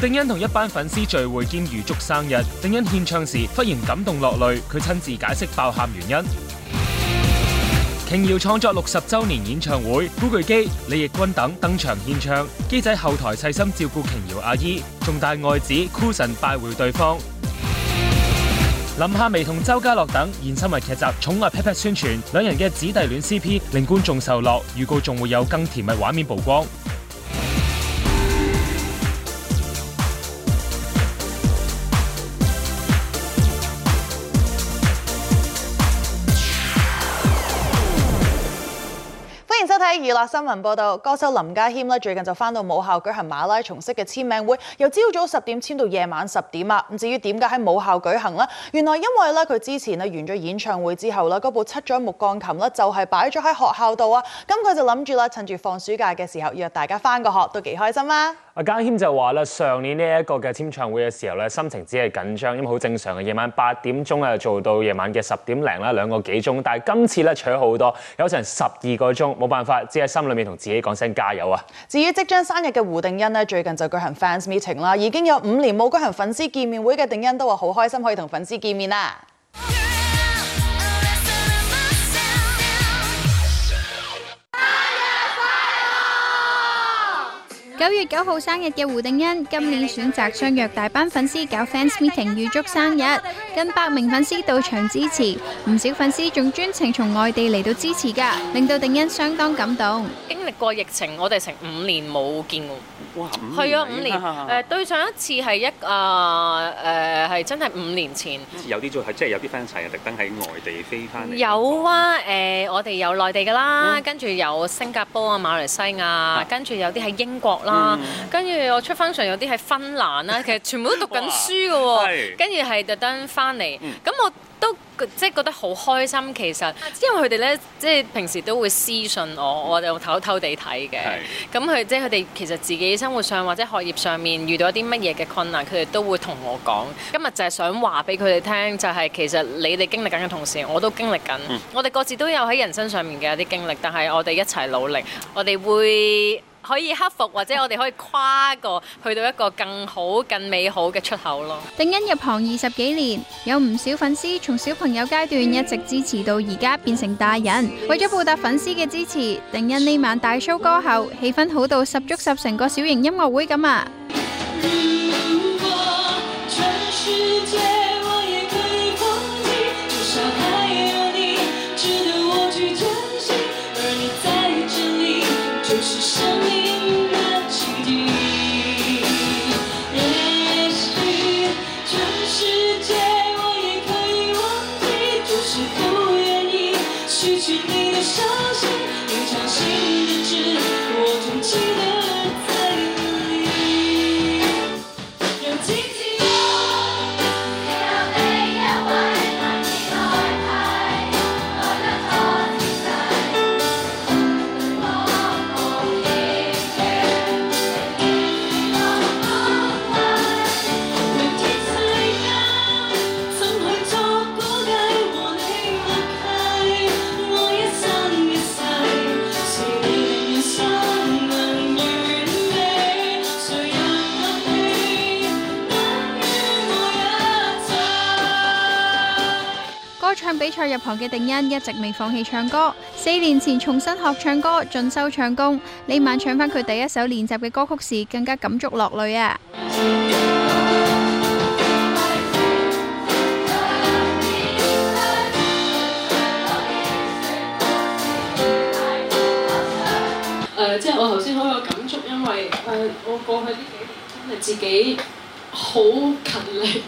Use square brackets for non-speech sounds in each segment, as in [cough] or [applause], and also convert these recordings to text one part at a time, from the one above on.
定欣同一班粉絲聚會兼預祝生日，定欣獻唱時忽然感動落淚，佢親自解釋爆喊原因。瓊瑤創作六十周年演唱會，古巨基、李翊君等登場獻唱，基仔後台細心照顧瓊瑤阿姨，仲帶愛子 Cousin 拜會對方。林夏薇同周嘉洛等現身為劇集《寵愛 Pet》宣傳，兩人嘅姊弟戀 CP 令觀眾受落，預告仲會有更甜蜜畫面曝光。娛樂新聞報道，歌手林家謙呢，最近就翻到母校舉行馬拉松式嘅簽名會，由朝早十點簽到夜晚十點啊！咁至於點解喺母校舉行呢？原來因為咧佢之前咧完咗演唱會之後咧，嗰部七張木鋼琴咧就係擺咗喺學校度啊！咁佢就諗住咧趁住放暑假嘅時候約大家翻個學都幾開心啦，啊！阿家謙就話啦，上年呢一個嘅簽唱會嘅時候咧，心情只係緊張，因為好正常嘅夜晚八點鐘咧做到夜晚嘅十點零啦，兩個幾鐘。但係今次咧取咗好多，有成十二個鐘，冇辦法。喺心裏面同自己講聲加油啊！至於即將生日嘅胡定欣呢，最近就舉行 fans meeting 啦，已經有五年冇舉行粉絲見面會嘅定欣都話好開心可以同粉絲見面啦。九月九號生日嘅胡定欣，今年選擇相約大班粉絲搞 fans meeting 預祝生日，近百名粉絲到場支持，唔少粉絲仲專程從外地嚟到支持噶，令到定欣相當感動。經歷過疫情，我哋成五年冇見過。哇，係啊，五年。誒，對上一次係一啊，誒，係真係五年前。有啲就係，即係有啲 fans 係特登喺外地飛翻嚟。有啊，誒，我哋有內地噶啦，跟住有新加坡啊、馬來西亞，跟住有啲喺英國。跟、嗯、住我出 f 上有啲係芬蘭啦，其實全部都讀緊書㗎喎，跟住係特登翻嚟，咁、嗯、我都即係覺得好開心。其實因為佢哋咧，即係平時都會私信我，我就偷偷地睇嘅。咁佢即係佢哋其實自己生活上或者學業上面遇到一啲乜嘢嘅困難，佢哋都會同我講。今日就係想話俾佢哋聽，就係、是、其實你哋經歷緊嘅同時，我都經歷緊、嗯。我哋各自都有喺人生上面嘅一啲經歷，但係我哋一齊努力，我哋會可以克服，或者我哋可以跨過去到一個更好、更美好嘅出口咯。定欣入行二十幾年，有唔少粉絲從小朋友階段一直支持到而家變成大人，為咗報答粉絲嘅支持，定欣呢晚大 show 歌後，氣氛好到十足十成個小型音樂會咁啊！如果全世界我也可以旁嘅定欣一直未放棄唱歌，四年前重新學唱歌進修唱功，呢晚唱翻佢第一首練習嘅歌曲時，更加感觸落淚啊！誒、呃，即係我頭先好有感觸，因為誒、呃，我過去呢幾年真係自己好勤力，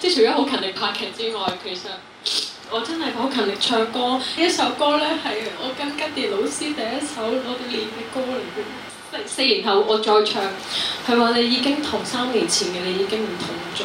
即係除咗好勤力拍劇之外，其實。我真係好勤力唱歌，呢一首歌呢，係我跟吉老師第一首我哋練嘅歌嚟嘅。四年後我再唱，佢話你已經同三年前嘅你已經唔同咗。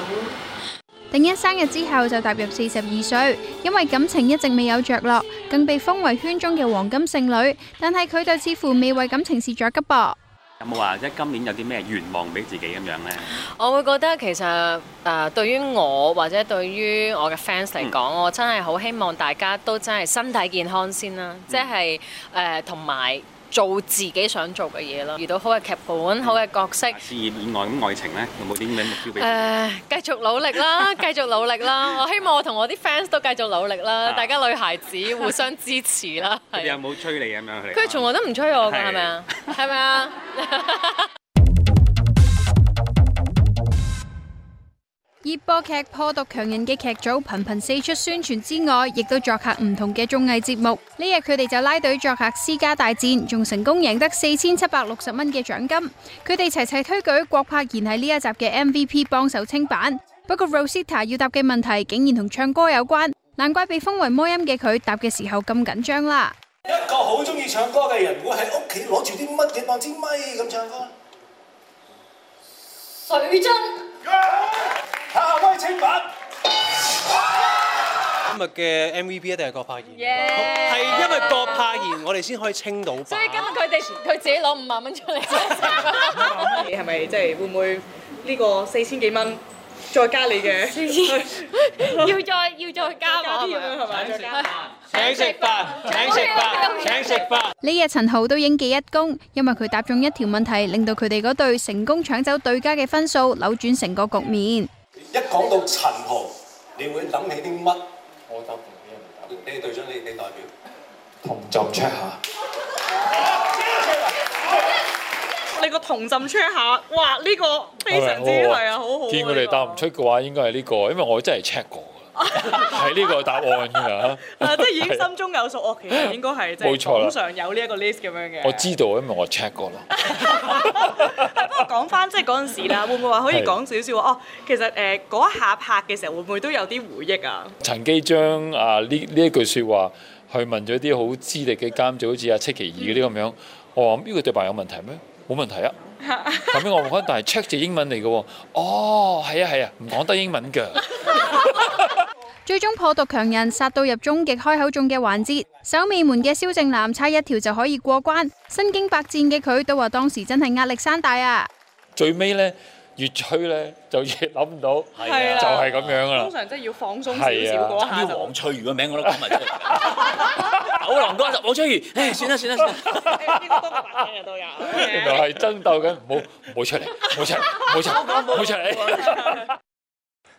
定一生日之後就踏入四十二歲，因為感情一直未有着落，更被封為圈中嘅黃金剩女。但係佢就似乎未為感情事着急噃。有冇話，即今年有啲咩願望俾自己咁樣呢？我會覺得其實誒，對於我或者對於我嘅 fans 嚟講，嗯、我真係好希望大家都真係身體健康先啦，即係誒，同、呃、埋。做自己想做嘅嘢咯，遇到好嘅劇本、嗯、好嘅角色。事業以外咁愛情咧，有冇啲咩目標俾你？誒，繼續努力啦，繼續努力啦！ [laughs] 我希望我同我啲 fans 都繼續努力啦， [laughs] 大家女孩子互相支持啦。 [laughs] 係。有冇催你咁樣佢？佢從來都唔催我㗎，係咪啊？係咪啊？熱播劇《破毒強人》嘅劇組頻頻四出宣傳之外，亦都作客唔同嘅綜藝節目。呢日佢哋就拉隊作客私家大戰，仲成功贏得四千七百六十蚊嘅獎金。佢哋齊齊推舉郭柏賢喺呢一集嘅 MVP 幫手清版。不過 Rosita 要答嘅問題竟然同唱歌有關，難怪被封為魔音嘅佢答嘅時候咁緊張啦。一個好中意唱歌嘅人，會喺屋企攞住啲乜嘢望支咪咁唱歌？水樽。Yeah! 下威稱霸今日嘅 M V P 一定係郭柏賢，係因為郭柏賢我哋先可以稱到霸。所以今日佢哋，佢自己攞五萬蚊出嚟。你係咪即係會唔會呢個四千幾蚊再加你嘅？要再要再加啊！請食飯，請食飯，請食飯。呢日陳豪都應記一功，因為佢答中一條問題，令到佢哋嗰隊成功搶走對家嘅分數，扭轉成個局面。一講到陳豪，你會諗起啲乜？我答唔到嘅。你隊長，你你代表？同朕 check 下。你個同朕 check 下，哇！呢個非常之係啊，好好。見佢哋答唔出嘅話，應該係呢個，因為我真係 check 過。係 [laughs] 呢個答案㗎、啊，啊！即係已經心中有數，哦， [laughs] 我其實應該係即係通常有呢一個 list 咁樣嘅。我知道，因為我 check 過啦。 [laughs] [laughs] [laughs] 不過講翻即係嗰陣時啦，會唔會話可以講少少哦，其實誒嗰、呃、一下拍嘅時候，會唔會都有啲回憶啊？曾經將啊呢呢一句説話去問咗啲好資歷嘅監製，好似阿戚其義嗰啲咁樣，嗯、我話呢、嗯呢個對白有問題咩？冇問題啊！ [laughs] 後邊我唔關，但係 check 就英文嚟嘅喎。哦，係啊係啊，唔講、啊、得英文嘅 [laughs] 。 [laughs] 最終破毒強人殺到入終極開口中嘅環節，守尾門嘅蕭正楠差一條就可以過關。身經百戰嘅佢都話當時真係壓力山大啊。最尾呢。越吹咧就越諗唔到，係就係、係、咁樣啦。通常即係要放鬆少少，講下就。黃翠如個名我都講埋出嚟。好， [laughs] [laughs] 狼哥就黃翠如，唉、哎，算啦、嗯、算啦算啦。邊個都個白領嘅都有。原來係爭鬥緊，冇 [laughs] 冇出嚟，冇出嚟，冇出嚟，冇出嚟。 [laughs]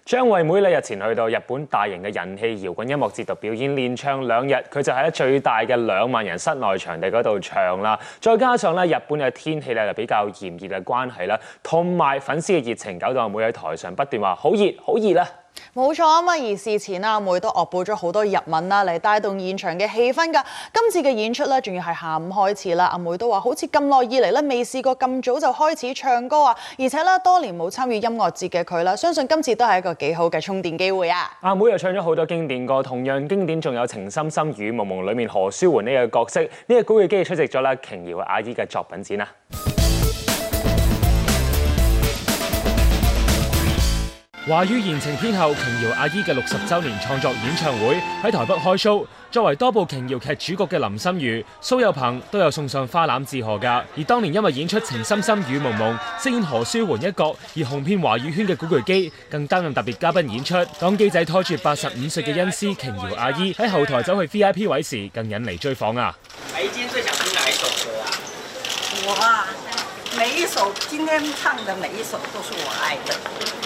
張惠妹日前去到日本大型嘅人氣搖滾音樂節度表演，連唱兩日，佢就喺最大嘅兩萬人室內場地嗰度唱啦。再加上日本嘅天氣就比較炎熱嘅關係，同埋粉絲嘅熱情搞到阿妹喺台上不斷話：好熱，好熱啦！冇錯啊，而事前阿妹都惡補咗好多日文啦，嚟帶動現場嘅氣氛㗎。今次嘅演出咧，仲要係下午開始啦。阿妹都話，好似咁耐以嚟咧，未試過咁早就開始唱歌啊。而且咧，多年冇參與音樂節嘅佢啦，相信今次都係一個幾好嘅充電機會啊。阿妹又唱咗好多經典歌，同樣經典仲有《情深深雨濛濛》裡面何書桓呢個角色。呢個古巨基出席咗啦，瓊瑤阿姨嘅作品展啊！華語言情天后瓊瑤阿姨嘅六十周年創作演唱會喺台北開 show，作為多部瓊瑤劇主角嘅林心如、蘇有朋都有送上花籃致賀噶。而當年因為演出《情深深雨濛濛》，飾演何書桓一角而紅遍華語圈嘅古巨基，更擔任特別嘉賓演出。當基仔拖住八十五歲嘅恩師瓊瑤阿姨喺後台走去 VIP 位時，更引嚟追訪啊！你今天最想聽哪一首歌啊？我啊，每一首，今天唱的每一首都是我愛的。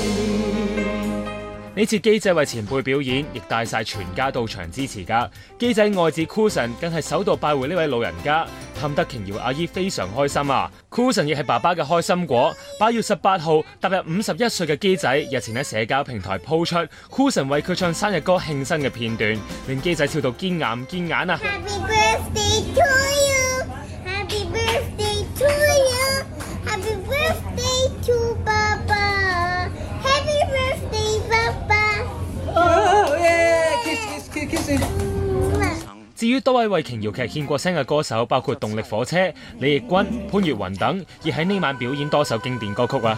呢次機仔為前輩表演，亦帶晒全家到場支持㗎。機仔愛子 Cushion 更係首度拜會呢位老人家，氹得瓊瑤阿姨非常開心啊。Cushion 亦係爸爸嘅開心果。八月十八號踏入五十一歲嘅機仔，日前喺社交平台 po 出 Cushion 為佢唱生日歌慶生嘅片段，令機仔笑到肩眼肩眼啊！Yeah, kiss, kiss, kiss, kiss, kiss. Mm-hmm. 至於多位為瓊瑤劇獻過聲嘅歌手，包括動力火車、李翊君、潘越雲等，亦喺呢晚表演多首經典歌曲啊！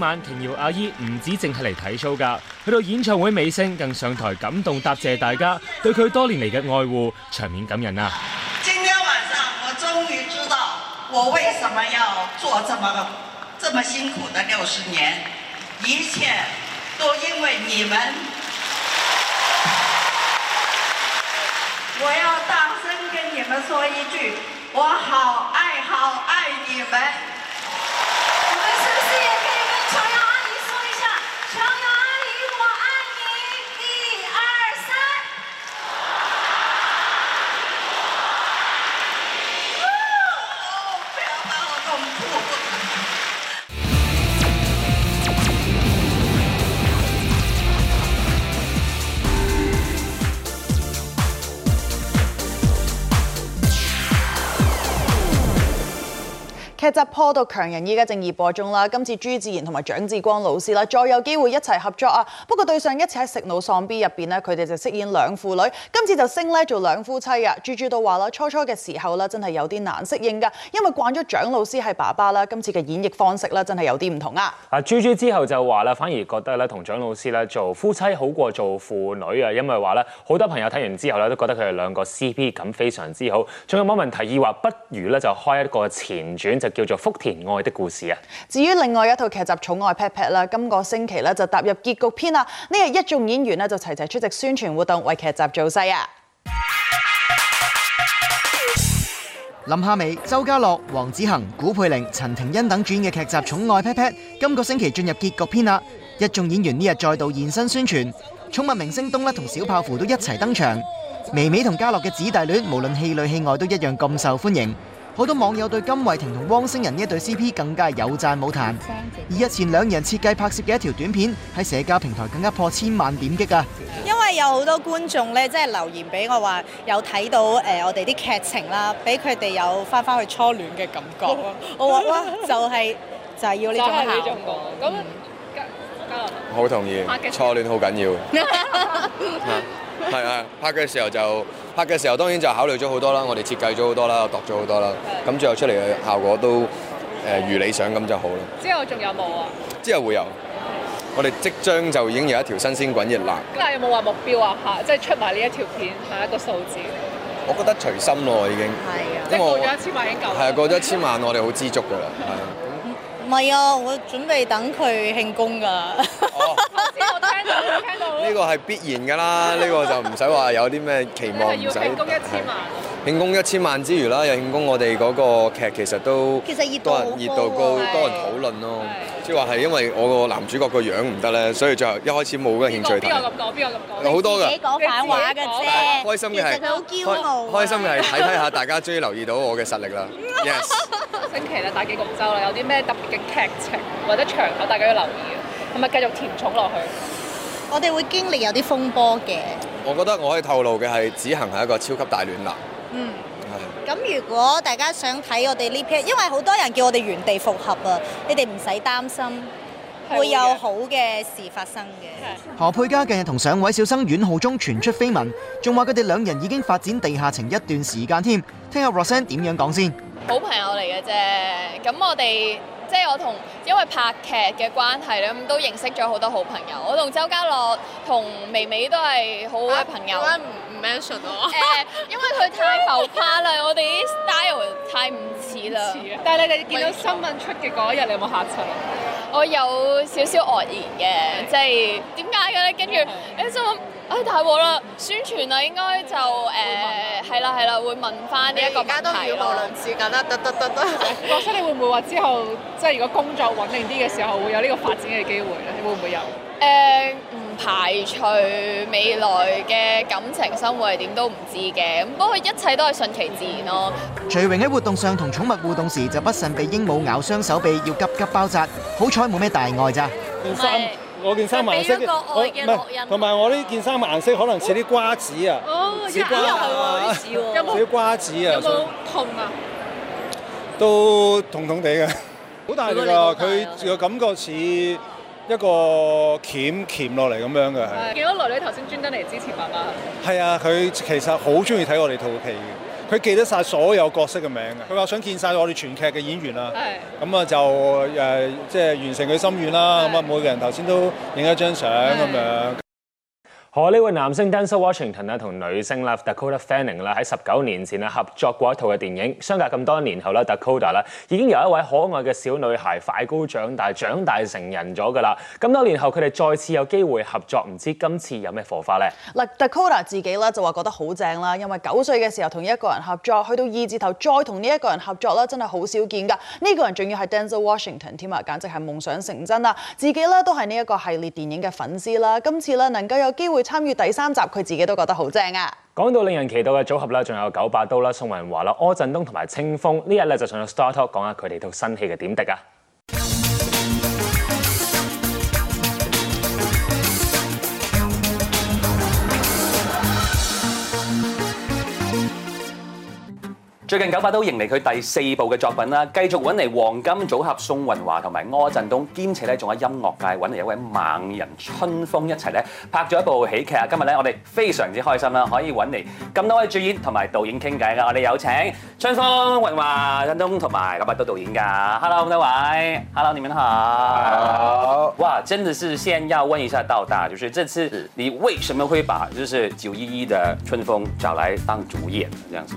晚瓊瑤阿姨唔止淨係嚟睇 show 噶，去到演唱會尾聲，更上台感動答謝大家對佢多年嚟嘅愛護，場面感人啊！今天晚上我終於知道我為什麼要做這麼這麼辛苦的六十年，一切都因為你們，我要大聲跟你們說一句，我好愛好愛你們。扎破到強人，依家正熱播中啦！今次朱自然同埋蔣志光老師啦，再有機會一齊合作啊！不過對上一次喺《食腦喪 B》入邊呢，佢哋就飾演兩父女，今次就升咧做兩夫妻啊！朱朱都話啦，初初嘅時候咧，真係有啲難適應噶，因為慣咗蔣老師係爸爸啦，今次嘅演繹方式咧，真係有啲唔同啊！啊，朱朱之後就話啦，反而覺得咧，同蔣老師咧做夫妻好過做父女啊，因為話咧，好多朋友睇完之後咧，都覺得佢哋兩個 CP 感非常之好，仲有冇人提議話，說不如咧就開一個前傳就。叫做《福田愛的故事》啊！至於另外一套劇集《寵愛 Pet Pet》啦，今個星期咧就踏入結局篇啦。呢日一眾演員咧就齊齊出席宣傳活動，為劇集造勢啊！林夏薇、周嘉洛、黃子恆、古佩玲、陳庭欣等主演嘅劇集《寵愛 Pet Pet》今個星期進入結局篇啦。一眾演員呢日再度現身宣傳，寵物明星東啦同小泡芙都一齊登場。微微同家樂嘅姊弟戀，無論戲裏戲外都一樣咁受歡迎。好多網友對金惠廷同汪星人呢一對 CP 更加有讚冇彈，而日前兩人設計拍攝嘅一條短片喺社交平台更加破千萬點擊啊！因為有好多觀眾咧，即係留言俾我話有睇到誒、呃、我哋啲劇情啦，俾佢哋有翻翻去初戀嘅感覺。 [laughs] 我話就係、是、就係、是、要你做呢種講。咁、就、好、是、同意，啊就是、初戀好緊要。 [laughs] [laughs] 係 [laughs] 啊！拍嘅時候就拍嘅時候，當然就考慮咗好多啦，我哋設計咗好多啦，度咗好多啦。咁最後出嚟嘅效果都誒、呃、如理想咁就好啦。之後仲有冇啊？之後會有。我哋即將就已經有一條新鮮滾熱辣。咁有冇話目標啊？嚇，即係出埋呢一條片，下一個數字。我覺得隨心咯，已經。係啊。因為過咗、就係、一千萬已經夠了。係啊，過咗一千萬我，我哋好知足噶啦。啊。 [laughs] 唔係啊！我準備等佢慶功㗎。呢個係必然㗎啦，呢個就唔使話有啲咩期望，唔使係。慶功一千萬之餘啦，有慶功，我哋嗰個劇其實都其實熱度好高啊！熱度高，多人討論咯。即話係因為我個男主角個樣唔得咧，所以就一開始冇乜興趣睇。邊個咁講？邊個咁講？好多㗎，自己講反話㗎啫。開心嘅係睇睇下大家終於留意到我嘅實力啦。Yes。星期啦，打機廣州啦，有啲咩特別嘅？劇情或者場口大家要留意啊！係咪繼續填重落去？我哋會經歷有啲風波嘅。我覺得我可以透露嘅係子行係一個超級大暖男。嗯，咁如果大家想睇我哋呢篇，因為好多人叫我哋原地復合啊，你哋唔使擔心，會有好嘅事發生嘅。何佩嘉近日同上位小生阮浩中傳出緋聞，仲話佢哋兩人已經發展地下情一段時間添。聽下 Rosanne 點樣講先。好朋友嚟嘅啫，咁我哋。即係我同因為拍劇嘅關係咧，咁都認識咗好多好朋友。我同周家樂、同微微都係好好嘅朋友。點解唔唔 mention 啊？誒，呃、 [laughs] 因為佢太浮誇啦， [laughs] 我哋啲 style 太唔似啦。似。但係你哋見到新聞出嘅嗰一日，你有冇嚇親？我有少少愕然嘅，即係點解嘅咧？跟住誒，我。誒太好啦！宣傳啊，應該就誒係啦係啦，會問翻呢一個問題。而家都語無倫次緊啦，得得得得。黃生，你會唔會話之後即係如果工作穩定啲嘅時候，會有呢個發展嘅機會咧？你會唔會有？誒，唔排除未來嘅感情生活係點都唔知嘅。咁不過一切都係順其自然咯。徐榮喺活動上同寵物互動時，就不慎被鸚鵡咬傷手臂，要急急包紮，好彩冇咩大礙咋。唔信。我件衫顏色，唔係。同埋我呢件衫顏色可能似啲瓜子啊，哦，似、哦、啲瓜子、哎、啊，啊，有冇痛啊？都痛痛地嘅，好 [laughs] 大力很大啊。佢個感覺似一個鉗鉗落嚟咁樣嘅。見到女女頭先專登嚟支持爸爸，係啊，佢其實好中意睇我哋套戲。佢記得曬所有角色嘅名嘅，佢話想見曬我哋全劇嘅演員啦。咁啊就、呃、即係完成佢心願啦。咁啊，每個人頭先都影一張相咁樣。好，呢位男星 Denzel Washington 啦，同女星啦 Dakota Fanning 啦喺十九年前合作過一套嘅電影，相隔咁多年後，Dakota 啦已經由一位可愛嘅小女孩快高長大，長大成人咗噶啦。咁多年後，佢哋再次有機會合作，唔知道今次有咩火花咧？嗱 Dakota 自己啦就話覺得好正啦，因為九歲嘅時候同一個人合作，去到二字頭再同呢一個人合作啦，真係好少見㗎。呢、這個人仲要係 Denzel Washington 添啊，簡直係夢想成真啦！自己咧都係呢一個系列電影嘅粉絲啦，今次咧能夠有機會。參與第三集，佢自己都覺得好正啊！講到令人期待嘅組合啦，仲有九把刀啦、宋文華啦、柯震東同埋青峰，呢日咧就上咗 Star Talk 講下佢哋套新戲嘅點滴啊！最近九把刀迎嚟佢第四部嘅作品啦，繼續揾嚟黃金組合宋雲華同埋柯震東，兼且咧仲喺音樂界揾嚟一位猛人春風一齊咧拍咗一部喜劇啊！今日咧我哋非常之開心啦，可以揾嚟咁多位主演同埋導演傾偈噶，我哋有請春風、雲華、震東同埋九把刀導演噶。Hello，各位，Hello，你們好。Hello. 哇，真的是先要問一下導大，就是這次你為什麼會把就是九一一的春風找來當主演，這樣子？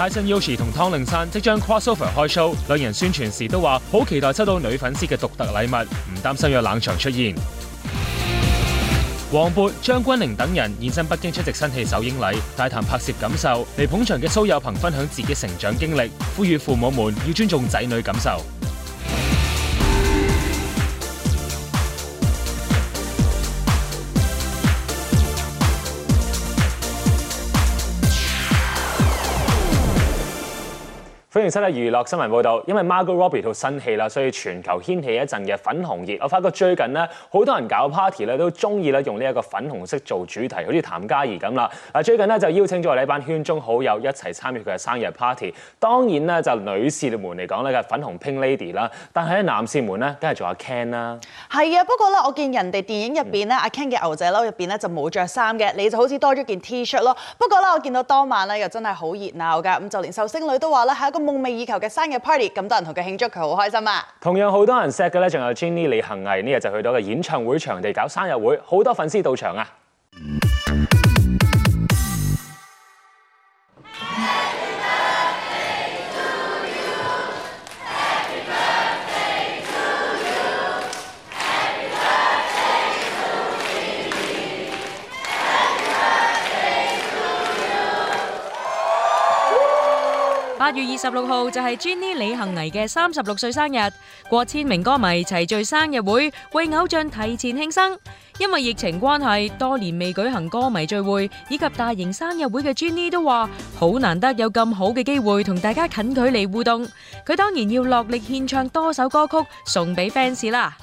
Tyson Yoshi 同湯令山即將 CrossOver 開 show，兩人宣傳時都話好期待收到女粉絲嘅獨特禮物，唔擔心有冷場出現。黃渤、張鈞甯等人現身北京出席新戲首映禮，大談拍攝感受。嚟捧場嘅蘇有朋分享自己成長經歷，呼籲父母們要尊重仔女感受。最新嘅娛樂新聞報道，因為 Margot Robbie 套新戲啦，所以全球掀起一陣嘅粉紅熱。我發覺最近呢，好多人搞 party 咧，都中意咧用呢一個粉紅色做主題，好似譚嘉怡咁啦。嗱，最近呢，就邀請咗我哋一班圈中好友一齊參與佢嘅生日 party。當然咧，就女士們嚟講咧，係粉紅 Pink Lady 啦。但係男士們咧，梗係做阿 Ken 啦。係啊，不過咧，我見人哋電影入邊咧，阿、嗯、Ken 嘅牛仔褸入邊咧就冇着衫嘅，你就好似多咗件 T-shirt 咯。不過咧，我見到當晚咧又真係好熱鬧㗎，咁就連壽星女都話咧係一個夢。夢寐以求嘅生日 party，咁多人同佢慶祝，佢好開心啊！同樣好多人錫嘅咧，仲有 Jenny 李恒毅，呢日就去到個演唱會場地搞生日會，好多粉絲到場啊！八月二十六號就係 Gin Lee 李幸倪嘅三十六歲生日，過千名歌迷齊聚生日會為偶像提前慶生。因為疫情關係，多年未舉行歌迷聚會以及大型生日會嘅 Gin Lee 都話好難得有咁好嘅機會同大家近距離互動，佢當然要落力獻唱多首歌曲送俾 fans 啦。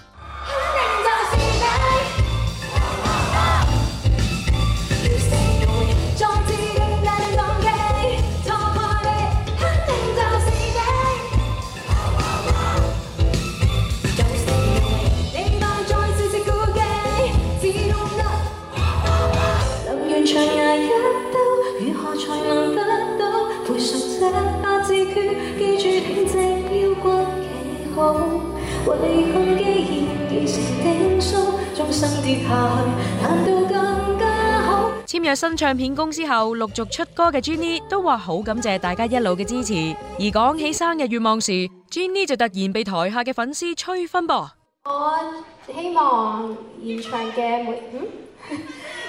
簽約新唱片公司後，陸續出歌嘅 Jennie 都話好感謝大家一路嘅支持。而講起生日願望時，Jennie 就突然被台下嘅粉絲催婚噃。我希望現場嘅每，嗯，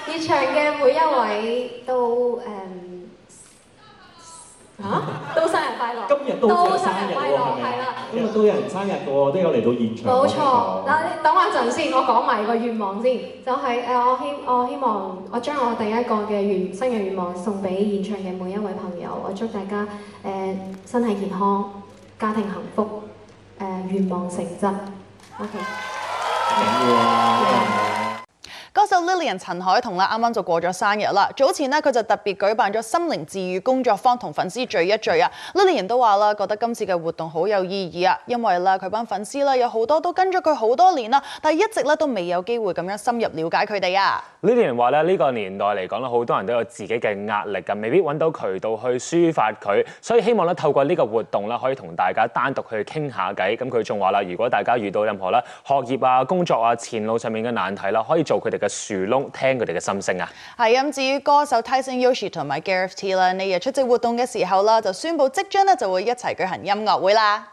現場嘅每一位都誒。嚇、啊！都生日快樂！今日都生日喎，係咪？今日都有人生日嘅，都有嚟到現場。冇錯，嗱，等我陣先，我講埋個願望先。就係、是、誒，我希我希望我將我第一個嘅願生日願望送俾現場嘅每一位朋友。我祝大家誒、呃、身體健康，家庭幸福，誒、呃、願望成真。OK。Yeah. 歌手 Lilian 陳凱彤啦，啱啱就過咗生日啦。早前呢，佢就特別舉辦咗心靈治愈工作坊，同粉絲聚一聚啊。Lilian 都話啦，覺得今次嘅活動好有意義啊，因為啦，佢班粉絲啦，有好多都跟咗佢好多年啦，但係一直咧都未有機會咁樣深入了解佢哋啊。Lilian 話咧，呢、這個年代嚟講啦，好多人都有自己嘅壓力㗎，未必揾到渠道去抒發佢，所以希望咧透過呢個活動啦，可以同大家單獨去傾下偈。咁佢仲話啦，如果大家遇到任何咧學業啊、工作啊、前路上面嘅難題啦，可以做佢哋嘅。薯窿聽佢哋嘅心聲啊。係咁，至於歌手 Tyson Yoshi 同埋 Gareth T 啦，呢日出席活動嘅時候啦，就宣布即將咧就會一齊舉行音樂會啦。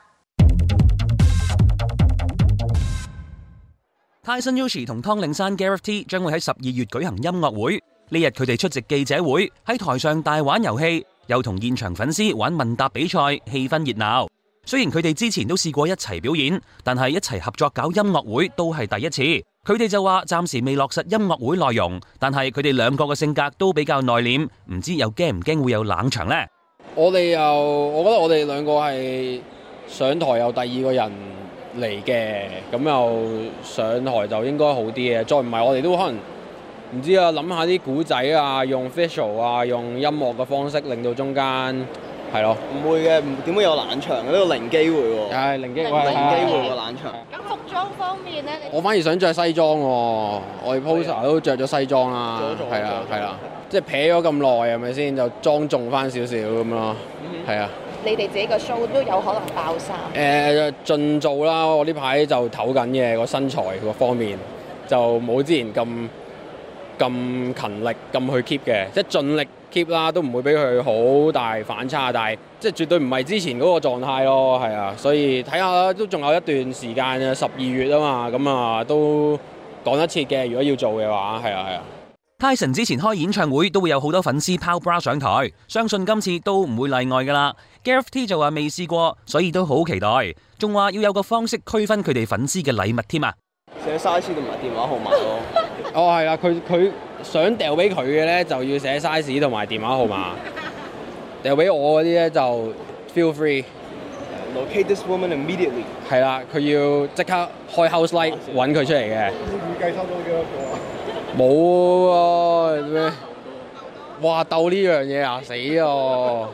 Tyson Yoshi 同湯令山 Gareth T 將會喺十二月舉行音樂會。呢日佢哋出席記者會，喺台上大玩遊戲，又同現場粉絲玩問答比賽，氣氛熱鬧。雖然佢哋之前都試過一齊表演，但係一齊合作搞音樂會都係第一次。佢哋就話暫時未落實音樂會內容，但係佢哋兩個嘅性格都比較內斂，唔知有驚唔驚會有冷場呢？我哋又，我覺得我哋兩個係上台有第二個人嚟嘅，咁又上台就應該好啲嘅。再唔係，我哋都可能唔知啊，諗下啲古仔啊，用 facial 啊，用音樂嘅方式令到中間。係咯不會的，唔會嘅，點會有冷場嘅？呢個零機會喎。零、哎、機會零機會喎冷場。咁、啊、服裝方面咧，我反而想着西裝喎、哦啊。我哋 poster 都着咗西裝啦，係啊，係啊，即係撇咗咁耐係咪先？就莊重翻少少咁咯，係、嗯、啊。你哋自己個 show 都有可能爆衫。誒、呃，盡做啦！我呢排就唞緊嘅個身材個方面，就冇之前咁。咁勤力咁去 keep 嘅，即係盡力 keep 啦，都唔會俾佢好大反差。但係即係絕對唔係之前嗰個狀態咯，係啊，所以睇下都仲有一段時間啊，十二月啊嘛，咁、嗯、啊都講一次嘅。如果要做嘅話，係啊係啊。Tyson 之前開演唱會都會有好多粉絲拋 bra 上台，相信今次都唔會例外㗎啦。Gareth T 就話未試過，所以都好期待。仲話要有個方式區分佢哋粉絲嘅禮物添啊，寫 size 同埋電話號碼咯。 [laughs] 哦，係啦！佢佢想掉俾佢嘅咧，就要寫 size 同埋電話號碼。掉俾我嗰啲咧就 feel free。Locate this woman immediately。係啦，佢要即刻開 house light 揾佢出嚟嘅。預計收到幾多個啊？冇啊。咩？哇！鬥呢樣嘢啊！死哦！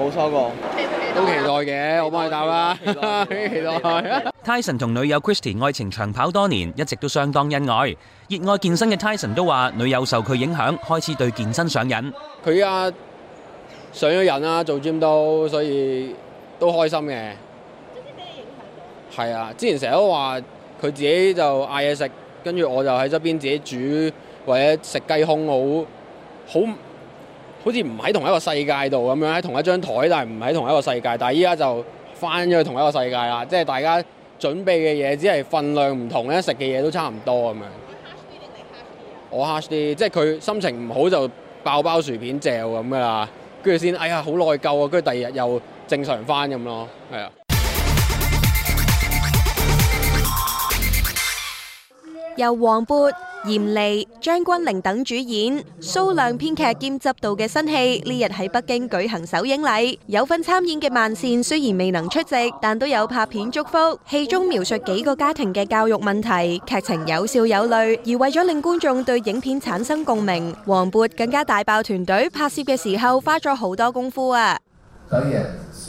冇錯喎，好期待嘅，我幫你答啦。期待，期待。泰森同女友 Christie 愛情長跑多年，一直都相當恩愛。熱愛健身嘅泰森都話，女友受佢影響，開始對健身上癮。佢依家上咗癮啦，做 gym，所以都開心嘅。係啊，之前成日都話佢自己就嗌嘢食，跟住我就喺側邊自己煮，或者食雞胸，好好。好似唔喺同一個世界度咁樣，喺同一張台，但係唔喺同一個世界。但係依家就翻咗去同一個世界啦，即係大家準備嘅嘢只係份量唔同咧，食嘅嘢都差唔多咁樣。我 h 啲，即係佢心情唔好就爆包薯片嚼咁噶啦，跟住先，哎呀好內疚啊，跟住第二日又正常翻咁咯，係啊。由黃渤、嚴莉、張君玲等主演，蘇亮編劇兼執導嘅新戲，呢日喺北京舉行首映禮。有份參演嘅萬茜雖然未能出席，但都有拍片祝福。戲中描述幾個家庭嘅教育問題，劇情有笑有淚，而為咗令觀眾對影片產生共鳴，黃渤更加大爆團隊拍攝嘅時候花咗好多功夫啊。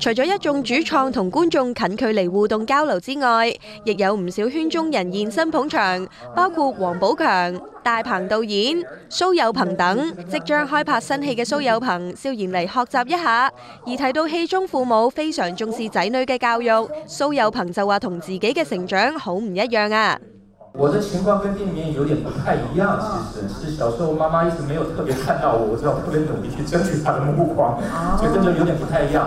除咗一眾主創同觀眾近距離互動交流之外，亦有唔少圈中人現身捧場，包括王寶強、大鵬導演、蘇有朋等。即將開拍新戲嘅蘇有朋笑言嚟學習一下。而提到戲中父母非常重視仔女嘅教育，蘇有朋就話同自己嘅成長好唔一樣啊。我的情況跟電影有點不太一樣，其實是小時候媽媽一直沒有特別看到我，我就特別努力去爭取他他的目光，就跟有點不太一樣。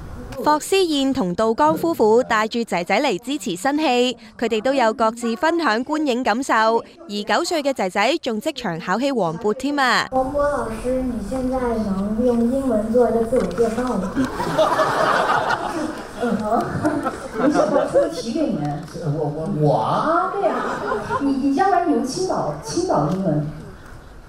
霍思燕同杜江夫婦帶住仔仔嚟支持新戲，佢哋都有各自分享觀影感受，而九歲嘅仔仔仲即場考起黃渤添啊！黃渤老師，你現在能用英文做一個自我介紹嗎？ [laughs] [laughs] 啊？我出個題俾你，我我我啊？對啊，你你將來你用青島青島英文？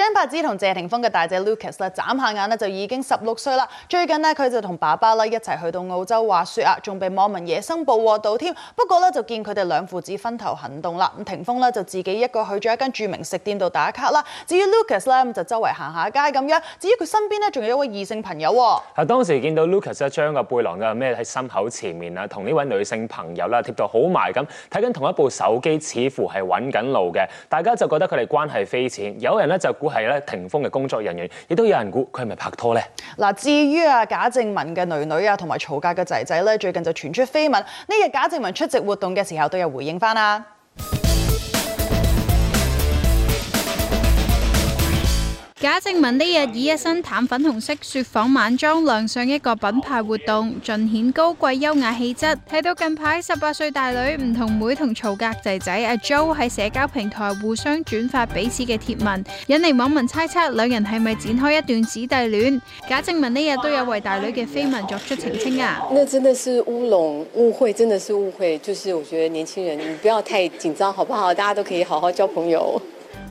張柏芝同謝霆鋒嘅大仔 Lucas 咧，眨下眼咧就已經十六歲啦。最近呢，佢就同爸爸咧一齊去到澳洲滑雪啊，仲被網民野生捕獲到添。不過咧，就見佢哋兩父子分頭行動啦。咁霆鋒咧就自己一個去咗一間著名食店度打卡啦。至於 Lucas 咧，就周圍行下街咁樣。至於佢身邊呢，仲有一位異性朋友。啊，當時見到 Lucas 咧，將個背囊嘅咩喺心口前面啊，同呢位女性朋友啦貼到好埋咁，睇緊同一部手機，似乎係揾緊路嘅。大家就覺得佢哋關係非淺。有人咧就係咧、啊，霆鋒嘅工作人員，亦都有人估佢係咪拍拖呢？嗱，至於啊，賈靜雯嘅女女啊，同埋曹格嘅仔仔咧，最近就傳出緋聞。呢日賈靜雯出席活動嘅時候，都有回應翻啊。賈靜雯呢日以一身淡粉紅色雪紡晚裝亮相一個品牌活動，盡顯高貴優雅氣質。睇到近排十八歲大女唔同妹同曹格仔仔阿 Jo 喺社交平台互相轉發彼此嘅帖文，引嚟網民猜測兩人係咪展開一段姊弟戀？賈靜雯呢日都有為大女嘅緋聞作出澄清啊！那真的是烏龍誤會，真的是誤會。就是我覺得年輕人你不要太緊張，好不好？大家都可以好好交朋友。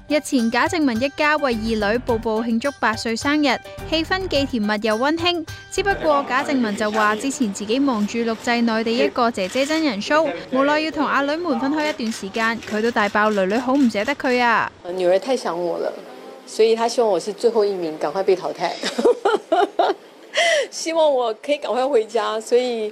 日前賈靜雯一家為二女步步慶祝八歲生日，氣氛既甜蜜又温馨。只不過賈靜雯就話之前自己忙住錄製內地一個《姐姐真人 show》，無奈要同阿女們分開一段時間，佢都大爆女女好唔捨得佢啊！女兒太想我了，所以她希望我是最後一名，趕快被淘汰， [laughs] 希望我可以趕快回家，所以。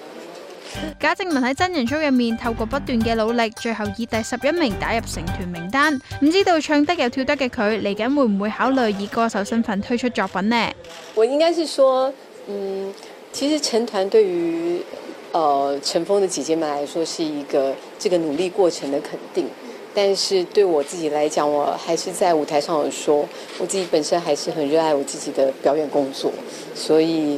賈靜雯喺真人 show 入面透過不斷嘅努力，最後以第十一名打入成團名單。唔知道唱得又跳得嘅佢，嚟緊會唔會考慮以歌手身份推出作品呢？我應該是說，嗯，其實成團對於，成、呃、乘風的姐姐們來說是一個，這個努力過程的肯定。但是對我自己來講，我還是在舞台上有說，我自己本身還是很熱愛我自己的表演工作，所以。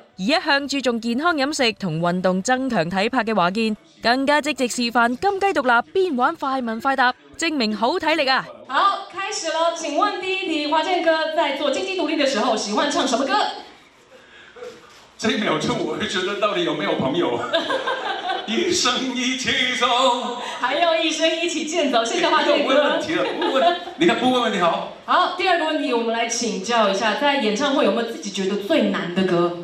而一向注重健康飲食同運動增強體魄嘅華健，更加積極示範金雞獨立，邊玩快問快答，證明好體力啊！好，開始咯。請問第一題，華健哥在做金雞獨立嘅時候，喜歡唱什麼歌？這一秒鐘我覺得到底有沒有朋友？ [laughs] 一生一起走，還要一生一起健走。現在華健哥。不問問不問，你看不問問題你好。好，第二個問題，我們來請教一下，在演唱會有冇自己覺得最難嘅歌？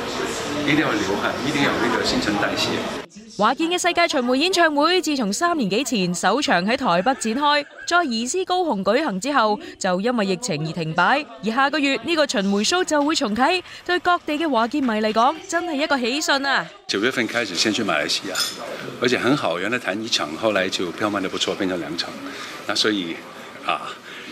一定要流汗，一定要呢個新陳代謝。華健嘅世界巡迴演唱會，自從三年幾前首場喺台北展開，再移師高雄舉行之後，就因為疫情而停擺。而下個月呢、這個巡迴 show 就會重啟，對各地嘅華健迷嚟講，真係一個喜訊啊！九月份開始先去馬來西亞，而且很好，原來彈一場，後來就票賣得不錯，變成兩場，那所以啊。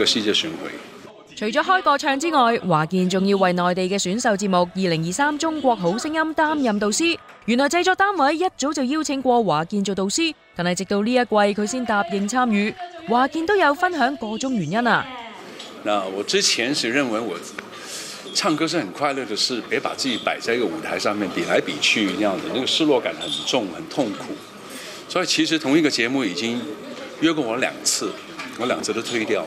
個師就上去。除咗開個唱之外，華健仲要為內地嘅選秀節目《二零二三中國好聲音》擔任導師。原來製作單位一早就邀請過華健做導師，但係直到呢一季佢先答應參與。華健都有分享個中原因啊。嗱，我之前是認為我唱歌是很快樂的事，別把自己擺在一個舞台上面比來比去，那樣子，那個失落感很重，很痛苦。所以其實同一個節目已經約過我兩次，我兩次都推掉。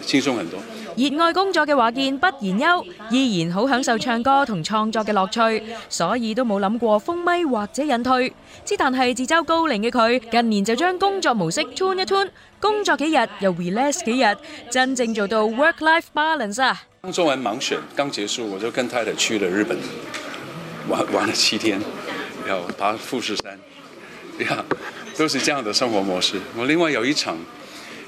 輕鬆很多。熱愛工作嘅華健不言休，依然好享受唱歌同創作嘅樂趣，所以都冇諗過封咪或者引退。之但係自周高齡嘅佢，近年就將工作模式 turn 一 turn，工作幾日又 relax 幾日，真正做到 work-life balance 啊！做完盲選剛結束，我就跟太太去了日本玩玩了七天，然後爬富士山，呀、yeah，都是這樣的生活模式。我另外有一場。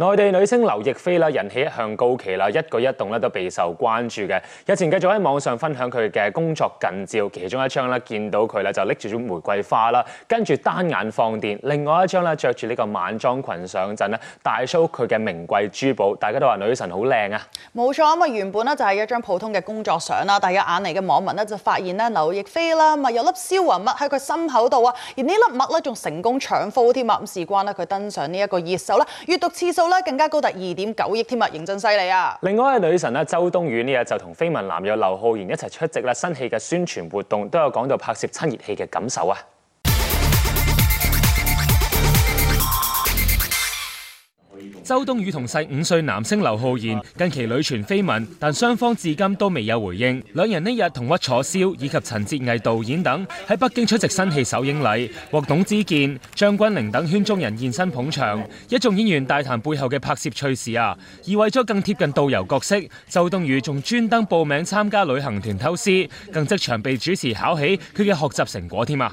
內地女星劉亦菲啦，人氣一向高企啦，一舉一動咧都備受關注嘅。日前繼續喺網上分享佢嘅工作近照，其中一張咧見到佢咧就拎住咗玫瑰花啦，跟住單眼放電；另外一張咧著住呢個晚裝裙上陣咧，大 show 佢嘅名貴珠寶，大家都話女神好靚啊！冇錯啊，原本咧就係一張普通嘅工作相啦，但係眼嚟嘅網民咧就發現咧劉亦菲啦，咪有粒銷魂物喺佢心口度啊，而呢粒物咧仲成功搶貨添啊！咁事關咧佢登上呢一個熱搜啦，閲讀次數咧更加高達二點九億添啊，認真犀利啊！另外嘅女神咧，周冬雨呢日就同飛文男友劉浩然一齊出席啦，新戲嘅宣傳活動，都有講到拍攝親熱戲嘅感受啊！周冬雨同細五歲男星劉昊然近期屢傳緋聞，但雙方至今都未有回應。兩人呢日同屈楚蕭以及陳哲藝導演等喺北京出席新戲首映禮，獲董子健、張鈞甯等圈中人現身捧場。一眾演員大談背後嘅拍攝趣事啊！而為咗更貼近導遊角色，周冬雨仲專登報名參加旅行團偷師，更即場被主持考起佢嘅學習成果添啊！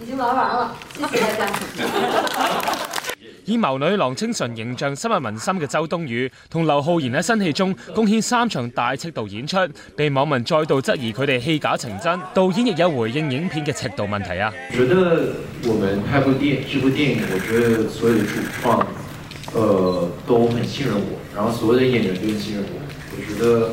已經玩完了，謝謝大家。 [laughs] 以謀女郎清純形象深入民心嘅周冬雨同劉昊然喺新戲中貢獻三場大尺度演出，被網民再度質疑佢哋戲假情真。導演亦有回應影片嘅尺度問題啊。 [noise] 我覺得我們拍部電，這部電影我覺得所有主創，呃，都很信任我，然後所有的演員都很信任我，我覺得。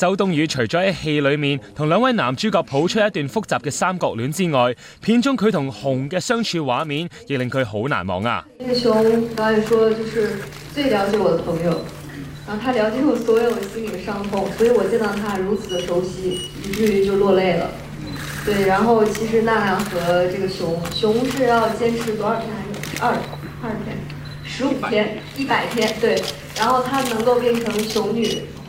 周冬雨除咗喺戲裏面同兩位男主角抱出一段複雜嘅三角戀之外，片中佢同熊嘅相處畫面亦令佢好難忘啊！呢個熊，導演說，就是最了解我的朋友，然後他了解我所有心理的傷痛，所以我見到他如此的熟悉，以至於就落淚了。對，然後其實娜娜和這個熊熊是要堅持多少天？還是二二天、十五天、一百天。對，然後她能夠變成熊女。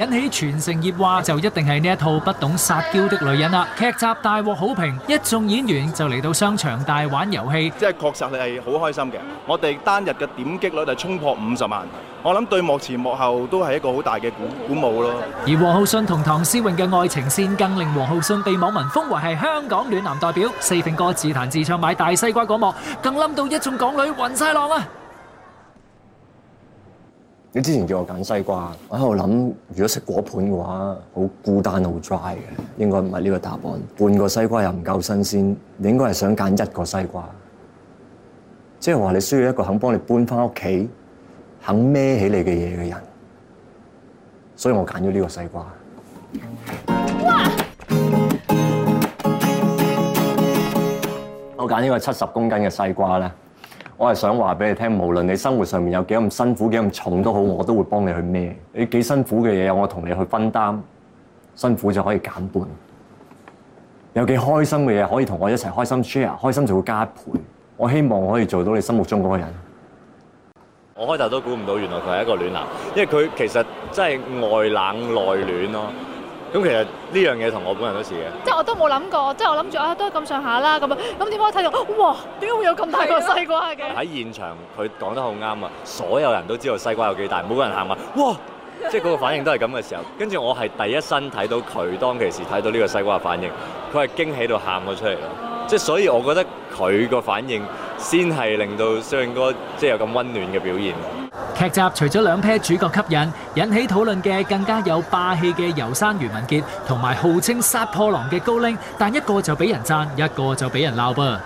引起全城熱話，就一定係呢一套不懂撒嬌的女人啦！劇集大獲好評，一眾演員就嚟到商場大玩遊戲，即係確實係好開心嘅。我哋單日嘅點擊率就衝破五十萬，我諗對幕前幕後都係一個好大嘅鼓舞咯。而王浩信同唐詩詠嘅愛情線更令王浩信被網民封為係香港暖男代表，四平哥自彈自唱買大西瓜嗰幕，更冧到一眾港女暈曬浪啊！你之前叫我揀西瓜，我喺度諗，如果食果盤嘅話，好孤單，好 dry 嘅，應該唔係呢個答案。半個西瓜又唔夠新鮮，你應該係想揀一個西瓜，即係話你需要一個肯幫你搬翻屋企、肯孭起你嘅嘢嘅人。所以我揀咗呢個西瓜。哇，我揀呢個七十公斤嘅西瓜咧。我係想話俾你聽，無論你生活上面有幾咁辛苦、幾咁重都好，我都會幫你去孭。你幾辛苦嘅嘢，我同你去分擔，辛苦就可以減半；有幾開心嘅嘢，可以同我一齊開心 share，開心就會加一倍。我希望我可以做到你心目中嗰個人。我開頭都估唔到，原來佢係一個暖男，因為佢其實真係外冷內暖咯。咁其實呢樣嘢同我本人都似嘅，即係我都冇諗過，即係我諗住啊都係咁上下啦咁啊，咁點解我睇到哇？點解會有咁大個西瓜嘅？喺現場佢講得好啱啊！所有人都知道西瓜有幾大，每個人喊啊哇，即係嗰個反應都係咁嘅時候。跟 [laughs] 住我係第一身睇到佢當其時睇到呢個西瓜嘅反應，佢係驚喜到喊咗出嚟咯、嗯。即係所以我覺得佢個反應先係令到小應哥即係有咁溫暖嘅表現。劇集除咗兩批主角吸引，引起討論嘅更加有霸氣嘅游山余文杰同埋號稱殺破狼嘅高拎，但一個就俾人讚，一個就俾人鬧噃。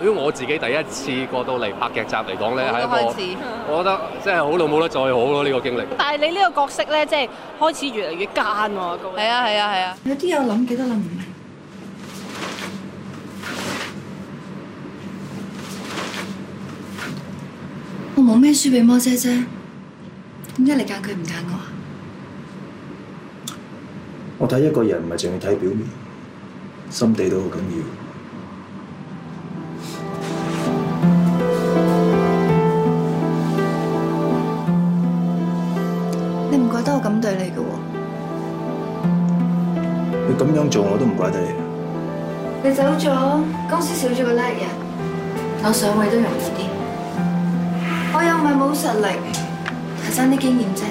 如果我自己第一次過到嚟拍劇集嚟講咧，一開始我覺得真係好到冇得再好咯呢個經歷。但係你呢個角色咧，即係開始越嚟越奸，係啊係啊係啊。有啲有諗幾多諗唔明。我冇咩輸俾魔姐姐。點解你揀佢唔揀我？我睇一個人唔係淨係睇表面，心地都好緊要。你唔覺得我咁對你嘅？你咁樣做我都唔怪得你。你走咗，公司少咗個叻人，我上位都容易啲。我又唔係冇實力。生啲經驗啫，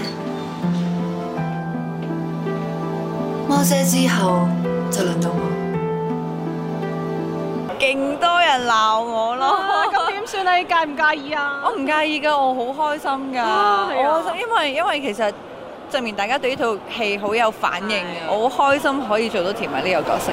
摩些之後就輪到我。勁多人鬧我囉，咁點算啊？你介唔介意啊？我唔介意噶，我好開心噶，啊啊。我因為因為其實證明大家對呢套戲好有反應，啊、我好開心可以做到甜蜜呢個角色。